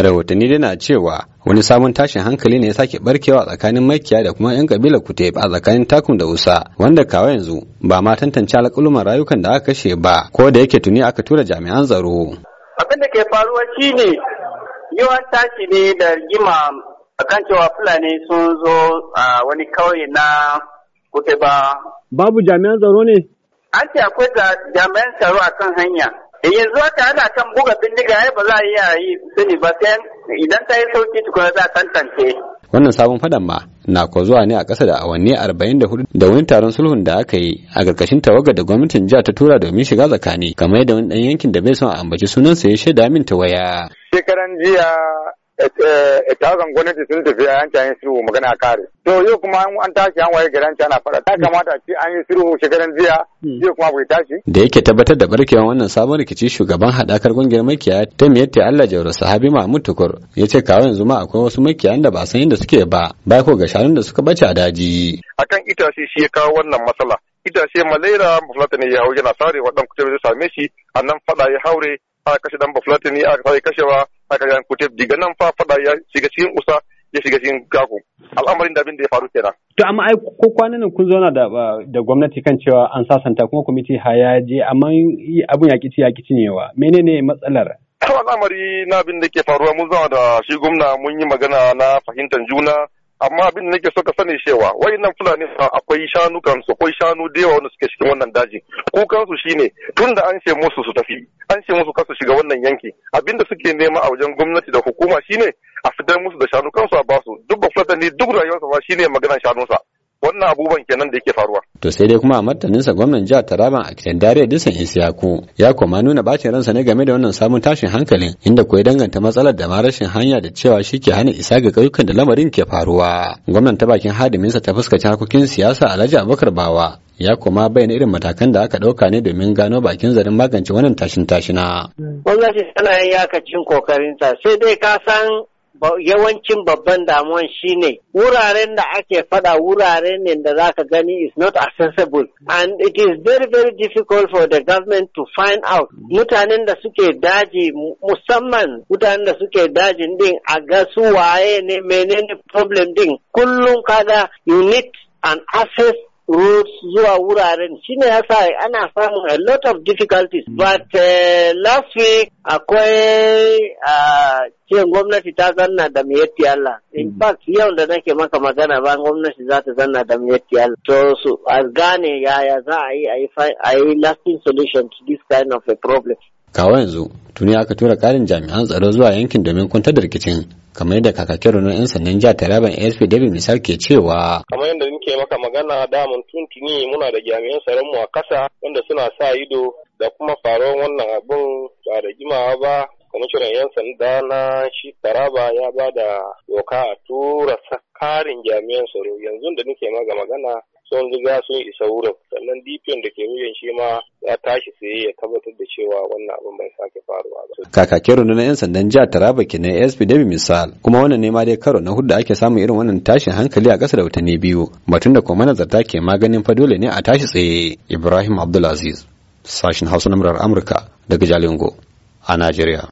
rahotanni dana cewa wani sabon tashin hankali ne ya sake barkewa tsakanin makiya da kuma 'yan kabilar kuteb a tsakanin takum da usa wanda kawo yanzu ba ma tantance alƙaluman rayukan da aka kashe ba ko da yake tuni aka tura jami'an tsaro abin da ke faruwa ne yawan tashi ne da rigima kan cewa fulani sun zo a wani kauye na ba. babu jami'an tsaro ne an ce akwai jami'an tsaro kan hanya Eh, yanzu haka ana kan buga bindiga ya ba za a iya yi sani ba sai idan ta yi sauki tukuna za a tantance. Wannan sabon fadan ma na ko zuwa ne a ƙasa da awanni 44 da wani taron sulhun da aka yi a ƙarƙashin tawagar da gwamnatin jihar ta tura domin shiga tsakani kamar yadda wani ɗan yankin da bai son a ambaci sunansa ya shaida min ta waya. Shekaran jiya Eh, eh, tawagan gwamnati sun tafi a yanci an yi sulhu magana kare. To yau kuma an tashi an waye garan ana faɗa ta kamata a ce an yi sulhu shekaran jiya zai hmm. kuma bai tashi. Da yake tabbatar da barkewan wannan sabon rikici shugaban haɗakar ƙungiyar makiyaya ta miyatta Allah Jauro Sahabi Mahmud Tukur ya ce kawo yanzu ma akwai wasu makiyayan da ba san yadda suke ba ba ko ga shanun da suka bace a daji. Akan itace shi ya kawo wannan matsala. Itace malaira mafulata ne ya hau yana sare waɗanda ɗan kuce same shi a nan faɗa ya haure aka kashe ɗan bafulatani aka kashe kashewa haka yan kutef diga nan fa fada ya shiga cikin usa ya shiga cikin gaku al'amarin da abin da ya faru kenan to amma ai ko kwanan nan kun zauna da da gwamnati kan cewa an sasanta kuma kwamiti ya je amma abun ya kici ya kici newa menene matsalar To al'amari na abin da ke faruwa mun zauna da shi gwamna mun yi magana na fahimtar juna amma abin da nake so ka sani cewa wayannan fulani akwai shanu kansu akwai shanu da yawa wanda suke cikin wannan daji Kukansu su shine tun da an ce musu su tafi an ce musu kasu shiga wannan yanki abin da suke nema a wajen gwamnati da hukuma shine a fitar musu da shanu kansu a basu duk ba fulani duk rayuwarsa ba shine maganar shanunsa wannan abubuwan kenan da yake faruwa. To sai dai kuma a martaninsa gwamnan jihar Taraba a kitan Dariya Disan Isiyaku ya koma nuna bacin ransa ne game da wannan samun tashin hankalin inda kuwa danganta matsalar da ma rashin hanya da cewa shi ke hana isa ga ƙauyukan da lamarin ke faruwa. Gwamnan ta bakin sa ta fuskaci harkokin siyasa Alhaji Abubakar Bawa ya koma bayyana irin matakan da aka ɗauka ne domin gano bakin zarin magance wannan tashin tashina. Gwamnati tana yin yakacin kokarinta sai dai ka san yawancin babban damuwan shine wuraren da ake fada wurare ne da ka gani is not accessible and it is very very difficult for the government to find out mutanen da suke daji musamman mutanen da suke daji din a ga su waye ne menene problem din kullum kada you need an access roads zuwa wuraren shine sa ana samun a lot of difficulties hmm. but uh, last week akwai uh, ce gwamnati ta zanna da miyatti Allah in hmm. fact yau da nake maka magana ba gwamnati za ta zanna da miyatti Allah to su a gane yaya za a yi a yi lasting solution to this kind of a problem kawo yanzu tuni aka tura karin jami'an tsaro zuwa yankin domin kwantar da rikicin kamar yadda kakakin rundunar 'yan sandan jihar Taraban ASP David Misal ke cewa. Kamar yadda nike maka magana damun tuntuni muna da jami'an mu a kasa wanda suna sa ido da kuma faruwar wannan abun ba da jimawa ba kwamishinan 'yan sanda na shi taraba ya ba da doka a tura karin jami'an tsaro yanzu da nike maka magana sun riga sun isa wurin sannan dpn da ke wuyan shi ma ya tashi saye ya tabbatar da cewa wannan abin bai sake faruwa ba. kakakin na 'yan sandan jihar taraba kenan asp bi misal kuma wannan ne ma dai karo na hudu ake samun irin wannan tashin hankali a ƙasa da watanni biyu batun da kuma manazarta ke maganin fa dole ne a tashi tsaye ibrahim abdulaziz sashin hausa na murar amurka daga jalingo a najeriya